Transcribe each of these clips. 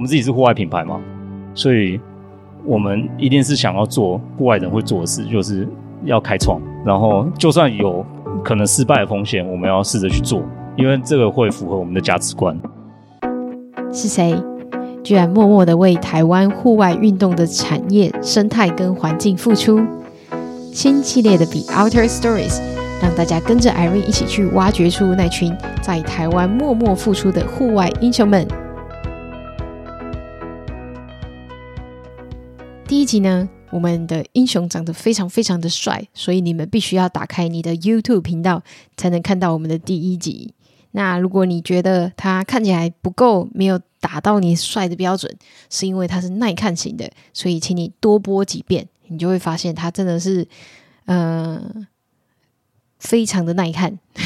我們自己是戶外品牌嘛，所以我們一定是想要做戶外人會做的事，就是要開創。然後就算有可能失敗的風險，我們要試着去做，因為這個會符合我們的價值觀。是誰居然默默地為台灣戶外運動的產業生態跟環境付出？新系列的《BEOUTER STORIES》，讓大家跟着 Irene 一起去挖掘出那群在台灣默默付出的戶外英雄們。第一集呢，我們的英雄長得非常非常的帥，所以你們必須要打開你的 YouTube 頻道才能看到我們的第一集。那如果你覺得他看起來不夠，沒有達到你帥的標準，是因為他是耐看型的，所以請你多播幾遍，你就會發現他真的是，呃，非常的耐看。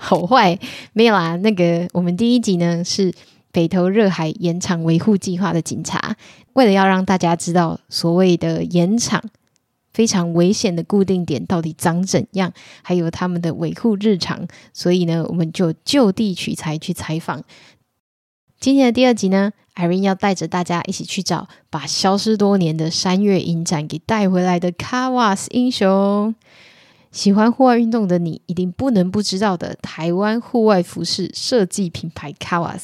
好壞。沒有啦，那個我們第一集呢是。北投熱海岩場維護計劃的警察，為了要讓大家知道所謂的岩場非常危險的固定點到底長怎樣，還有他們的維護日常，所以呢，我們就就地取材去採訪。今天的第二集呢，Irene 要帶着大家一起去找把消失多年的山岳影展給帶回來的 kawas 英雄。喜歡戶外運動的你，一定不能不知道的台灣戶外服飾設計品牌 kawas。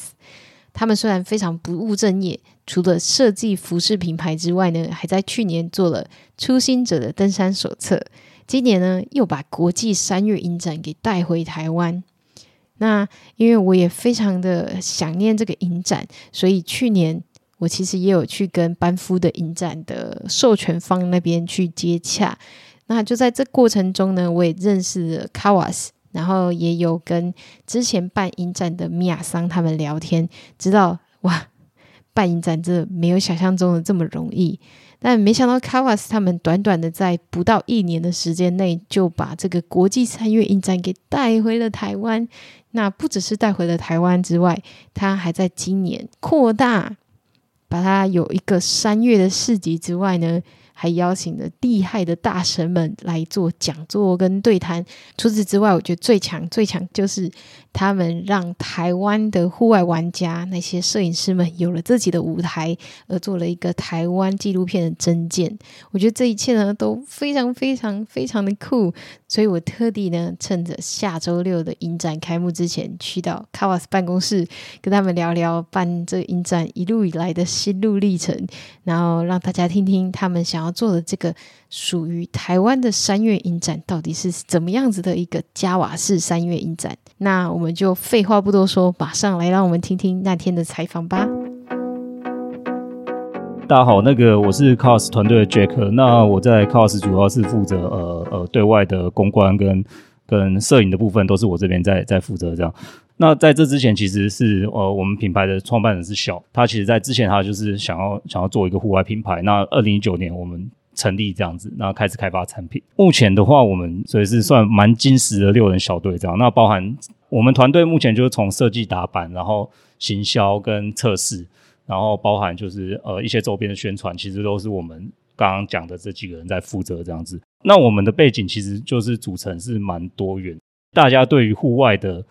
他們雖然非常不務正業，除了設計服飾品牌之外呢，還在去年做了《初心者的登山手冊》，今年呢又把國際山岳影展給帶回台灣。那因為我也非常的想念這個影展，所以去年我其實也有去跟班夫的影展的授權方那邊去接洽。那就在這過程中呢，我也認識了嘉瓦士。然後也有跟之前辦影展的米亞桑他們聊天，知道哇，辦影展這沒有想象中的這麼容易。但沒想到 kawas 他們短短的在不到一年的時間內，就把這個國際山岳影展給帶回了台灣。那不只是帶回了台灣之外，他還在今年擴大，把它有一個山岳的市集之外呢。還邀請了厲害的大神們來做講座跟對談。除此之外，我覺得最強最強就是他們讓台灣的戶外玩家那些攝影師們有了自己的舞台，而做了一個台灣紀錄片的徵件。我覺得這一切呢都非常非常非常的酷，所以我特地呢趁着下周六的影展開幕之前，去到卡瓦斯辦公室跟他們聊聊辦這影展一路以來的心路歷程，然後讓大家聽聽他們想。要做的這個屬於台灣的山岳影展，到底是怎麼樣子的一個嘉瓦士山岳影展？那我們就廢話不多說，馬上來讓我們聽聽那天的採訪吧。大家好，那個我是 kawas 團隊的 Jack，那我在 kawas 主要是負責呃呃對外的公關跟。跟攝影的部分都是我這邊在在負責這樣。那在這之前，其實是呃，我們品牌的創辦人是小，他其實在之前他就是想要想要做一個戶外品牌。那二零一九年我們成立這樣子，那開始開發產品。目前的話，我們所以是算蠻精實的六人小隊這樣。那包含我們團隊目前就是從設計打版，然後行銷跟測試，然後包含就是呃一些周邊的宣傳，其實都是我們剛剛講的這幾個人在負責這樣子。那我們的背景其實就是組成是蠻多元，大家對於戶外的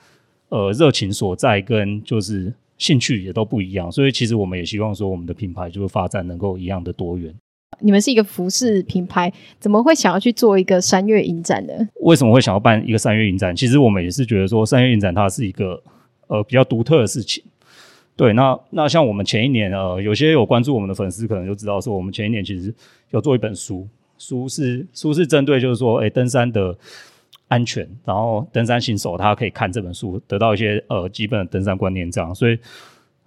呃熱情所在跟就是興趣也都不一樣，所以其實我們也希望說我們的品牌就是發展能夠一樣的多元。你們是一個服飾品牌，怎麼會想要去做一個山岳影展呢？為什麼會想要辦一個山岳影展？其實我們也是覺得說山岳影展它是一個呃比較獨特的事情。對，那那像我們前一年呃，有些有關注我們的粉絲可能就知道說我們前一年其實有做一本書。書是書是針對就是說，哎、欸，登山的安全，然後登山新手他可以看這本書，得到一些呃基本的登山觀念這樣。所以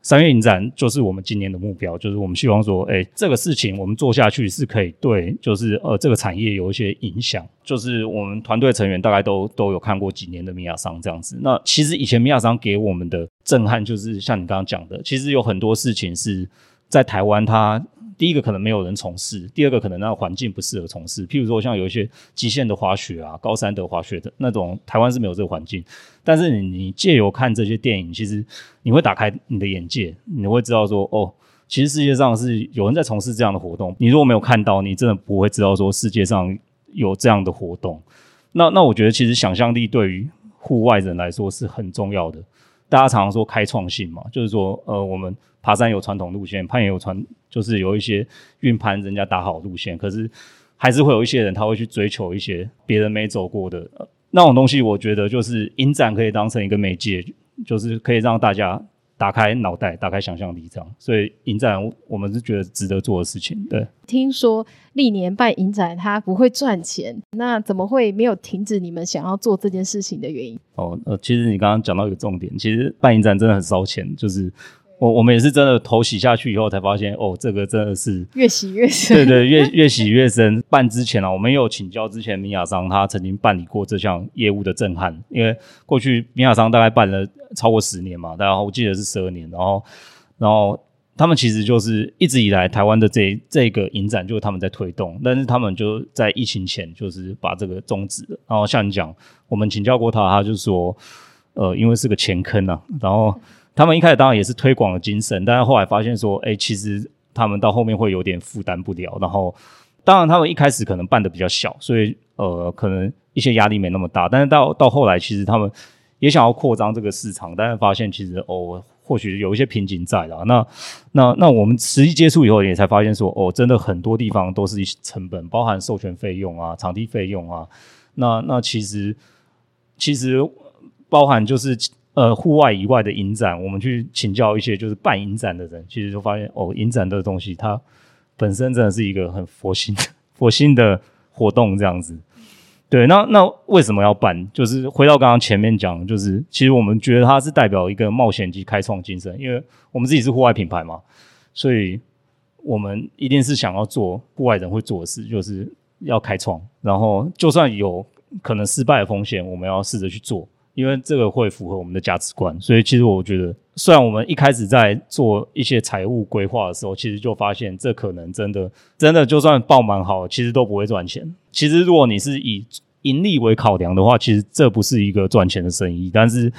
山岳影展就是我們今年的目標，就是我們希望說，哎、欸，這個事情我們做下去是可以對，就是呃這個產業有一些影響。就是我們團隊成員大概都都有看過幾年的米亞桑這樣子。那其實以前米亞桑給我們的震撼，就是像你剛剛講的，其實有很多事情是在台灣它。第一個可能沒有人從事，第二個可能那個環境不適合從事。譬如說像有一些極限的滑雪啊、高山的滑雪的那種，台灣是沒有這個環境。但是你你借由看這些電影，其實你會打開你的眼界，你會知道說哦，其實世界上是有人在從事這樣的活動。你如果沒有看到，你真的不會知道說世界上有這樣的活動。那那我覺得其實想象力對於戶外人來說是很重要的。大家常常說開創性嘛，就是說呃，我們爬山有傳統路線，攀岩有傳。就是有一些運盤人家打好路線，可是還是會有一些人他會去追求一些別人沒走過的那種東西。我覺得就是影展可以當成一個媒介，就是可以讓大家打開腦袋、打開想象力這樣。所以影展我們是覺得值得做的事情。對，聽說歷年辦影展它不會賺錢，那怎麼會沒有停止你們想要做這件事情的原因？哦，呃，其實你剛剛講到一個重點，其實辦影展真的很燒錢，就是。我我們也是真的頭洗下去以後才發現，哦，這個真的是越洗越深，對對，越越洗越深。 辦之前啊，我們有請教之前米亞桑，他曾經辦理過這項業務的震撼，因為過去米亞桑大概辦了超過十年嘛，然後我記得是十二年，然後然後他們其實就是一直以來台灣的這這個影展就是他們在推動，但是他們就在疫情前就是把這個終止了。然後像你講，我們請教過他，他就說，呃，因為是個錢坑啊，然後。他們一開始當然也是推廣的精神，但是後來發現說，哎，其實他們到後面會有點負擔不了。然後，當然他們一開始可能辦得比較小，所以呃，可能一些壓力沒那麼大。但是到到後來，其實他們也想要擴張這個市場，但是發現其實哦，或許有一些瓶頸在啦。那那那我們實際接觸以後也才發現說，哦，真的很多地方都是一些成本，包含授權費用啊、場地費用啊。那那其實其實包含就是。呃，戶外以外的影展，我們去請教一些就是辦影展的人，其實就發現哦，影展的東西它本身真的是一個很佛心、佛心的活動這樣子。對，那那為什麼要辦？就是回到剛剛前面講，就是其實我們覺得它是代表一個冒險及開創精神，因為我們自己是戶外品牌嘛，所以我們一定是想要做戶外人會做的事，就是要開創，然後就算有可能失敗的風險，我們要試着去做。因為這個會符合我們的價值觀，所以其實我覺得，雖然我們一開始在做一些財務規劃的時候，其實就發現這可能真的真的就算爆滿好，其實都不會賺錢。其實如果你是以盈利為考量的話，其實這不是一個賺錢的生意，但是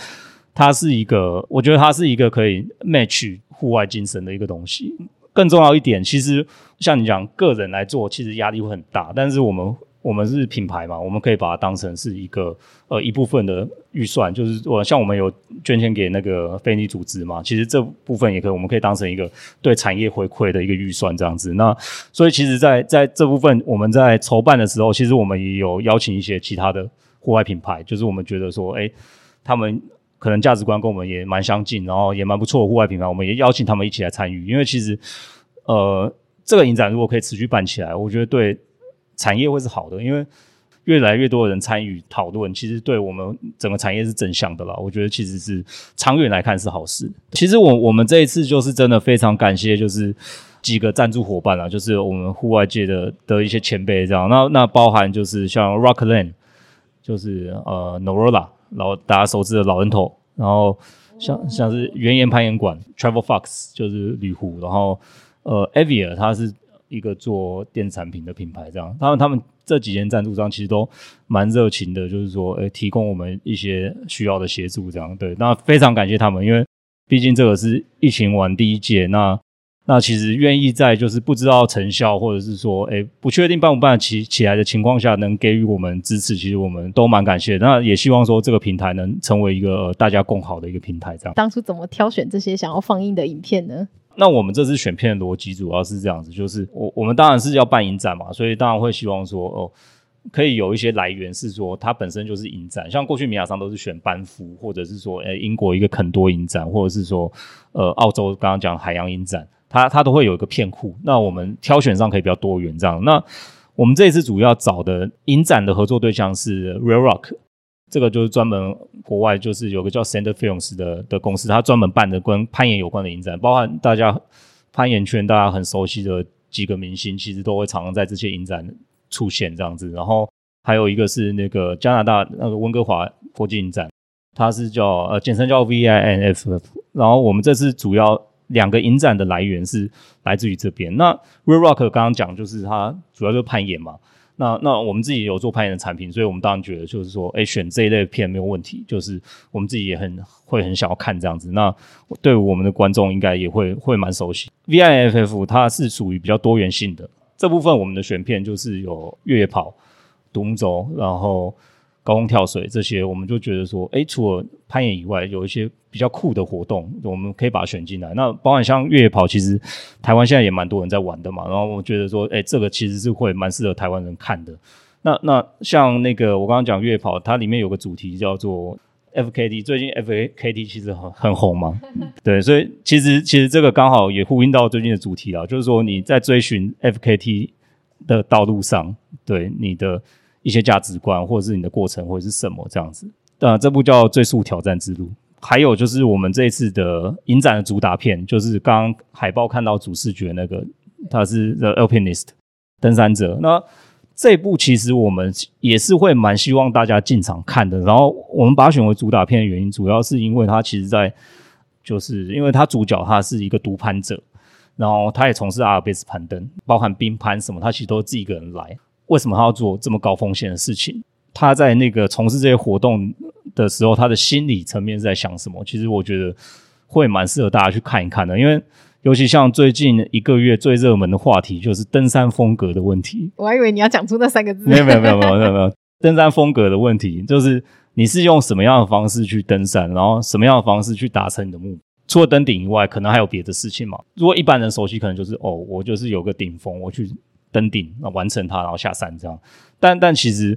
它是一個，我覺得它是一個可以 match 戶外精神的一個東西。更重要一點，其實像你講個人來做，其實壓力會很大，但是我們。我們是品牌嘛，我們可以把它當成是一個呃一部分的預算，就是我像我們有捐錢給那個非利組織嘛，其實這部分也可以，我們可以當成一個對產業回饋的一個預算這樣子。那所以其實在，在在這部分我們在籌辦的時候，其實我們也有邀請一些其他的戶外品牌，就是我們覺得說，哎，他們可能價值觀跟我們也蠻相近，然後也蠻不錯的戶外品牌，我們也邀請他們一起來參與，因為其實呃這個影展如果可以持續辦起來，我覺得對。產業會是好的，因為越來越多的人參與討論，其實對我們整個產業是正向的啦。我覺得其實是長遠來看是好事。其實我我們這一次就是真的非常感謝，就是幾個贊助夥伴啦，就是我們戶外界的的一些前輩這樣。那那包含就是像 Rockland 就是呃 Norola，然後大家熟知的老人頭，然後像、嗯、像是原岩攀岩館 Travel Fox，就是旅湖，然後呃 Avia，它是。一個做電子產品的品牌，這樣，當然他們這幾間贊助商其實都蠻熱情的，就是說，誒、欸、提供我們一些需要的協助，這樣，對，那非常感謝他們，因為畢竟這個是疫情完第一屆，那那其實願意在就是不知道成效，或者是說，誒、欸、不確定辦不辦起起來的情況下，能給予我們支持，其實我們都蠻感謝的，那也希望說這個平台能成為一個、呃、大家共好的一個平台，這樣。當初怎麼挑選這些想要放映的影片呢？那我們這次選片的邏輯主要是這樣子，就是我我們當然是要辦影展嘛，所以當然會希望說哦，可以有一些來源是說它本身就是影展，像過去米亞桑都是選班夫，或者是說誒、哎、英國一個肯多影展，或者是說呃澳洲剛剛講海洋影展，它它都會有一個片庫，那我們挑選上可以比較多元這樣。那我們這次主要找的影展的合作對象是 Reel Rock。這個就是專門國外，就是有個叫 Sender Films 的的公司，它專門辦的跟攀岩有關的影展，包含大家攀岩圈大家很熟悉的幾個明星，其實都會常常在這些影展出現這樣子。然後還有一個是那個加拿大那個溫哥華國際影展，它是叫呃簡稱叫 VIMFF。然後我們這次主要兩個影展的來源是來自於這邊。那 Real Rock 剛剛講，就是它主要就是攀岩嘛。那那我們自己有做攀岩的產品，所以我們當然覺得就是說，哎，選這一類片沒有問題。就是我們自己也很會很想要看這樣子。那對我們的觀眾應該也會會蠻熟悉。VIMFF 它是屬於比較多元性的這部分，我們的選片就是有越野跑、獨木舟，然後，高空跳水這些，我們就覺得說，誒，除了攀岩以外，有一些比較酷的活動，我們可以把它選進來。那包含像越野跑，其實台灣現在也蠻多人在玩的嘛。然後我覺得說，誒，這個其實是會蠻適合台灣人看的。那那像那個我剛剛講越野跑，它裡面有個主題叫做 FKT，最近 FKT 其實很很紅嘛。 對，所以其實其實這個剛好也呼應到最近的主題了，就是說你在追尋 FKT 的道路上，對，你的。一些價值觀，或者是你的過程，或者是什麼這樣子。那、呃、這部叫《最速挑戰之路》，還有就是我們這一次的影展的主打片，就是剛剛海報看到主視覺那個，他是《The Alpinist》登山者。那這部其實我們也是會蠻希望大家進場看的。然後我們把它選為主打片的原因，主要是因為它其實在，就是因為它主角他是一個獨攀者，然後他也從事阿爾卑斯攀登，包含冰攀什麼，他其實都是自己一個人來。為什麼他要做這麼高風險的事情？他在那個從事這些活動的時候，他的心理層面在想什麼？其實我覺得會蠻適合大家去看一看的，因為尤其像最近一個月最熱門的話題就是登山風格的問題。我還以為你要講出那三個字。沒有沒有沒有沒有沒有，登山風格的問題就是你是用什麼樣的方式去登山，然後什麼樣的方式去達成你的目的。除了登頂以外，可能還有別的事情嘛？如果一般人熟悉，可能就是哦，我就是有個頂峰，我去。登頂，那完成它，然後下山這樣。但但其實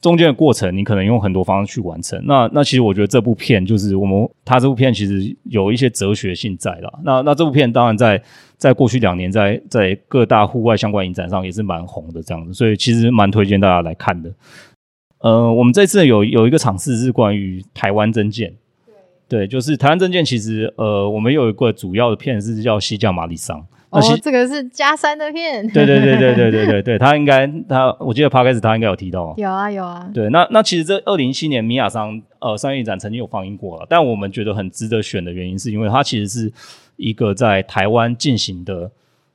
中間的過程，你可能用很多方式去完成。那那其實我覺得這部片就是我們它這部片其實有一些哲學性在啦。那那這部片當然在在過去兩年在在各大戶外相關影展上也是蠻紅的這樣，所以其實蠻推薦大家來看的。呃，我們這次有有一個嘗試是關於台灣徵件，對，對，就是台灣徵件。其實呃，我們有一個主要的片是叫《溪降馬里桑》。哦，其這個是加三的片。對對對對對對對對，他應該他，我記得 p 開始他應該有提到。有啊有啊。有啊對，那那其實這二零一七年米亞桑呃商業展曾經有放映過了，但我們覺得很值得選的原因是因為它其實是，一個在台灣進行的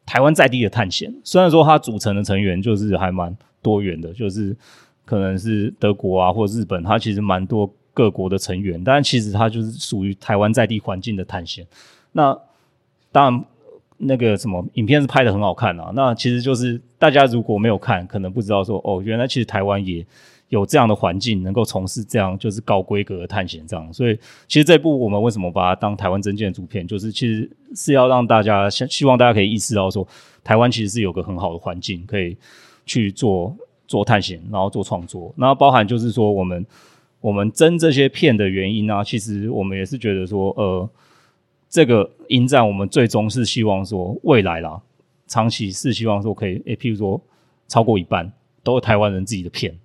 台灣在地的探險。雖然說它組成的成員就是還蠻多元的，就是可能是德國啊或者日本，它其實蠻多各國的成員，但其實它就是屬於台灣在地環境的探險。那當然。那個什麼影片是拍得很好看啊，那其實就是大家如果沒有看，可能不知道說哦，原來其實台灣也有這樣的環境，能夠從事這樣就是高規格的探險這樣。所以其實這部我們為什麼把它當台灣徵件的主片，就是其實是要讓大家希希望大家可以意識到說，台灣其實是有個很好的環境可以去做做探險，然後做創作，那包含就是說我們我們徵這些片的原因啊，其實我們也是覺得說呃。這個影展，我們最終是希望說未來啦，長期是希望說可以誒，譬如說超過一半都是台灣人自己的片，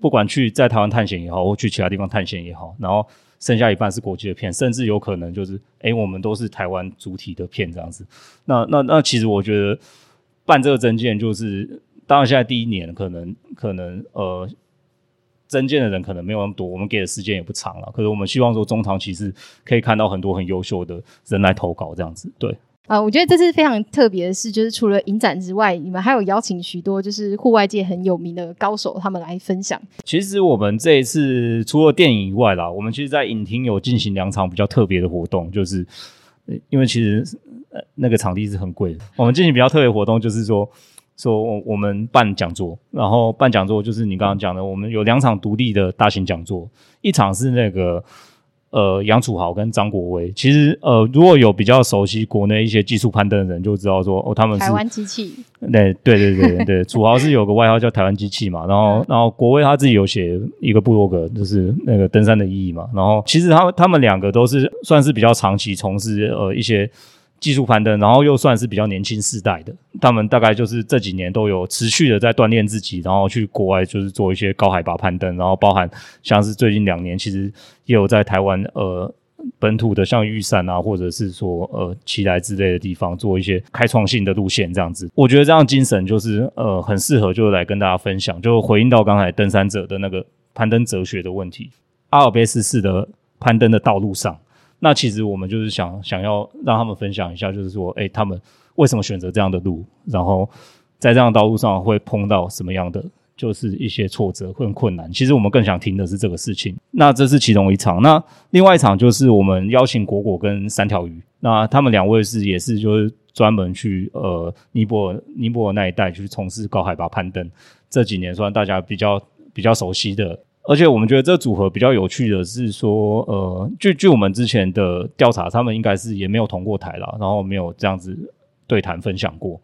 不管去在台灣探險也好，或去其他地方探險也好，然後剩下一半是國際的片，甚至有可能就是誒，我們都是台灣主體的片這樣子。那那那，那其實我覺得辦這個徵件，就是當然現在第一年可能可能呃。真見的人可能沒有那麼多，我們給的時間也不長了。可是我們希望說，中長期是可以看到很多很優秀的人來投稿這樣子。對啊，我覺得這是非常特別的事，就是除了影展之外，你們還有邀請許多就是戶外界很有名的高手他們來分享。其實我們這一次除了電影以外啦，我們其實，在影廳有進行兩場比較特別的活動，就是因為其實呃那個場地是很貴的，我們進行比較特別活動就是說。說、so, 我,我們辦講座，然後辦講座就是你剛剛講的，我們有兩場獨立的大型講座，一場是那個呃楊楚豪跟張國威。其實呃，如果有比較熟悉國內一些技術攀登的人，就知道說哦他們是台灣肌器。對對對對對，對對對對 楚豪是有個外號叫台灣肌器嘛，然後然後國威他自己有寫一個部落格，就是那個登山的意義嘛。然後其實他他們兩個都是算是比較長期從事呃一些。技術攀登，然後又算是比較年輕世代的，他們大概就是這幾年都有持續的在鍛煉自己，然後去國外就是做一些高海拔攀登，然後包含像是最近兩年其實也有在台灣呃本土的像玉山啊，或者是說呃奇萊之類的地方做一些開創性的路線這樣子。我覺得這樣精神就是呃很適合就來跟大家分享，就回應到剛才登山者的那個攀登哲學的問題，阿爾卑斯式的攀登的道路上。那其實我們就是想想要讓他們分享一下，就是說，哎，他們為什麼選擇這樣的路，然後在這樣的道路上會碰到什麼樣的，就是一些挫折跟困難。其實我們更想聽的是這個事情。那這是其中一場，那另外一場就是我們邀請果果跟三條魚，那他們兩位是也是就是專門去呃尼泊爾尼泊爾那一帶去從事高海拔攀登。這幾年算大家比較比較熟悉的。而且我們覺得這組合比較有趣的是說，呃，據據我們之前的調查，他們應該是也沒有同過台了，然後沒有這樣子對談分享過。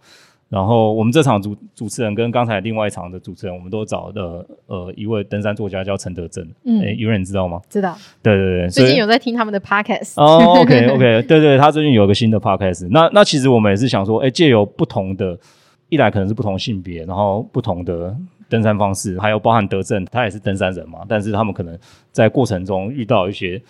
然後我們這場主主持人跟剛才另外一場的主持人，我們都找的呃一位登山作家叫陳德政，哎、嗯，有人知道嗎？知道，對對對，對對最近有在聽他們的 podcast。哦。OK OK，對對，他最近有一個新的 podcast。 那那其實我們也是想說，哎，借由不同的，一來可能是不同性別，然後不同的。登山方式，還有包含德政，他也是登山人嘛，但是他們可能在過程中遇到一些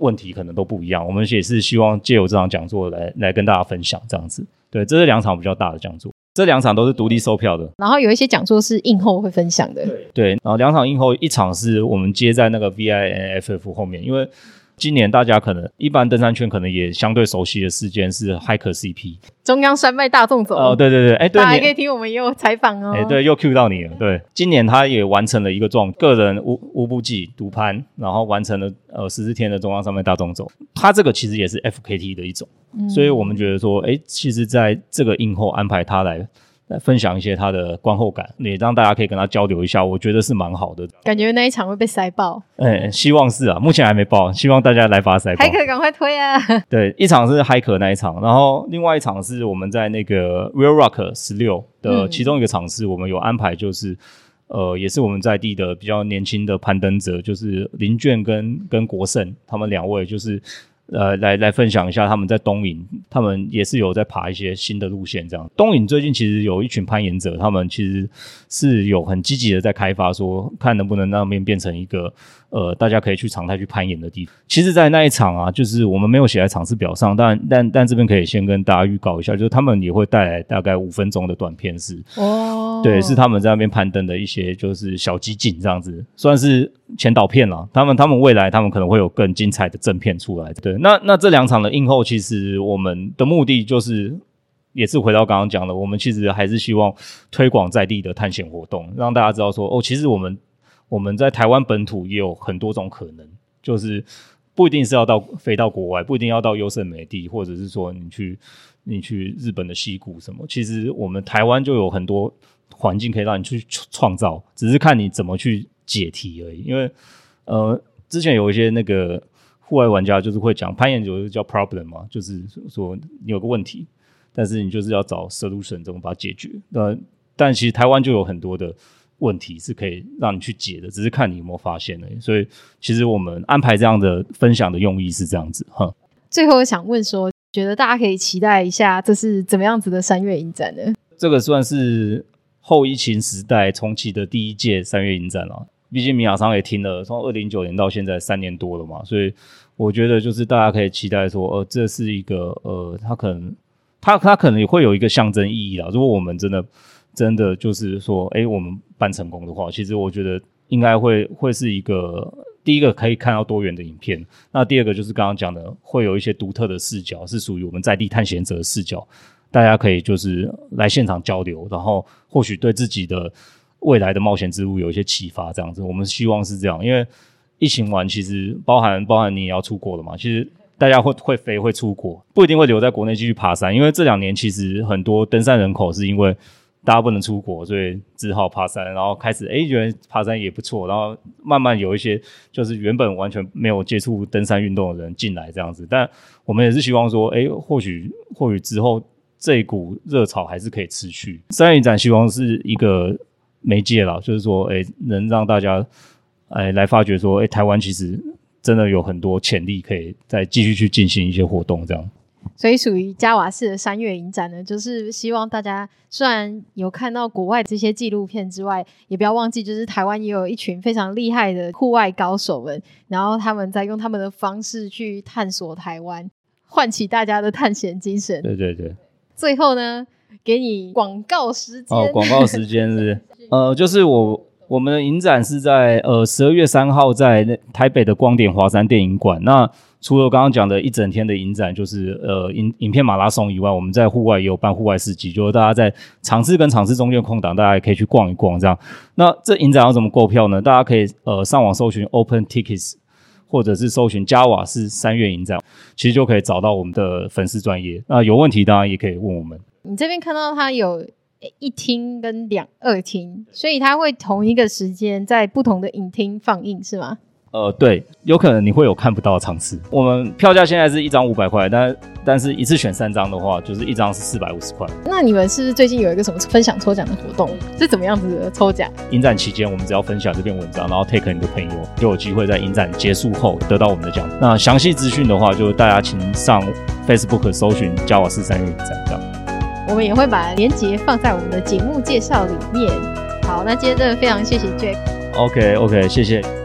問題，可能都不一樣。我們也是希望借由這場講座來來跟大家分享這樣子。對，這是兩場比較大的講座，這兩場都是獨立售票的。然後有一些講座是映後會分享的對。對，然後兩場映後，一場是我們接在那個 VIMFF 後面，因為。今年大家可能一般登山圈可能也相對熟悉的事件是 Hiker CP 中央山脈大縱走，哦，呃，對對對，哎、欸，對，大家也可以聽我們也有採訪哦，哎、欸，對，又 cue 到你了，對，今年他也完成了一個壯個人無無補給獨攀，然後完成了呃十四天的中央山脈大縱走，他這個其實也是 FKT 的一種，嗯，所以我們覺得說，哎、欸，其實在這個映後安排他來。來分享一些他的觀後感，也讓大家可以跟他交流一下，我覺得是蠻好的。感覺那一場會被塞爆，嗯，希望是啊，目前還沒爆，希望大家來把塞爆。嗨客趕快推啊！對，一場是嗨客那一場，然後另外一場是我們在那個 Reel Rock 十六的其中一個場次，我們有安排就是，嗯、呃，也是我們在地的比較年輕的攀登者，就是林俊跟跟國盛他們兩位，就是。呃，來來分享一下他們在東引，他們也是有在爬一些新的路線這樣。東引最近其實有一群攀岩者，他們其實是有很積極的在開發，說看能不能讓那邊變成一個。呃，大家可以去常態去攀岩的地方。其實，在那一場啊，就是我們沒有寫在場次表上，但但但這邊可以先跟大家預告一下，就是他們也會帶來大概五分鐘的短片是、哦、對，是他們在那邊攀登的一些就是小集錦，這樣子，算是前導片了。他們他們未來他們可能會有更精彩的正片出來。對，那那這兩場的映後，其實我們的目的就是也是回到剛剛講的，我們其實還是希望推廣在地的探險活動，讓大家知道說哦，其實我們。我們在台灣本土也有很多種可能，就是不一定是要到飛到國外，不一定要到優勝美地，或者是說你去你去日本的溪谷什麼。其實我們台灣就有很多環境可以讓你去創造，只是看你怎麼去解題而已。因為呃，之前有一些那個戶外玩家就是會講攀岩，就是叫 problem 嘛，就是說你有個問題，但是你就是要找 solution 怎麼把它解決。那但其實台灣就有很多的問題是可以讓你去解的，只是看你有沒有發現而已。所以，其實我們安排這樣的分享的用意是這樣子。哈，最後我想問說，覺得大家可以期待一下，這是怎麼樣子的山岳影展呢？這個算是後疫情時代重啟的第一屆山岳影展了。畢竟米亞桑也聽了，從二零一九年到現在三年多了嘛，所以我覺得就是大家可以期待說，呃，這是一個呃，它可能它他可能也會有一個象徵意義啦。如果我們真的。真的就是說，哎，我們辦成功的話，其實我覺得應該會會是一個第一個可以看到多元的影片。那第二個就是剛剛講的，會有一些獨特的視角，是屬於我們在地探險者的視角。大家可以就是來現場交流，然後或許對自己的未來的冒險之路有一些啟發。這樣子，我們希望是這樣，因為疫情完，其實包含包含你也要出國了嘛。其實大家會會飛，會出國，不一定會留在國內繼續爬山。因為這兩年其實很多登山人口是因為大家不能出國，所以只好爬山，然後開始哎，覺得爬山也不錯，然後慢慢有一些就是原本完全沒有接觸登山運動的人進來這樣子，但我們也是希望說，哎，或許或許之後這股熱潮還是可以持續。山影展希望是一個媒介啦，就是說，哎，能讓大家哎來發掘說，哎，台灣其實真的有很多潛力可以再繼續去進行一些活動這樣。所以屬於嘉瓦士的山岳影展呢，就是希望大家雖然有看到國外這些紀錄片之外，也不要忘記，就是台灣也有一群非常厲害的戶外高手們，然後他們在用他們的方式去探索台灣，喚起大家的探險精神。對對對。最後呢，給你廣告時間。哦，廣告時間是不是？是。呃，就是我。我們的影展是在呃十二月三號，在台北的光點華山電影館。那除了剛剛講的一整天的影展，就是呃影影片馬拉松以外，我們在戶外也有辦戶外市集，就是大家在場次跟場次中間空檔，大家也可以去逛一逛這樣。那這影展要怎麼購票呢？大家可以呃上網搜尋 Open Tickets，或者是搜尋嘉瓦士山岳影展，其實就可以找到我們的粉絲專頁。那有問題當然也可以問我們。你這邊看到它有。一廳跟兩二廳，所以他會同一個時間在不同的影廳放映，是嗎？呃，對，有可能你會有看不到的場次。我們票價現在是一張五百塊，但但是一次選三張的話，就是一張是四百五十塊。那你們是，是最近有一個什麼分享抽獎的活動？是怎麼樣子的抽獎？影展期間，我們只要分享這篇文章，然後 take 你的朋友，就有機會在影展結束後得到我們的獎。那詳細資訊的話，就大家請上 Facebook 搜尋“嘉瓦士山岳影展”這樣。我們也會把連結放在我們的節目介紹裡面。好，那今天真的非常謝謝 Jack。OK，OK，okay, okay, 謝謝。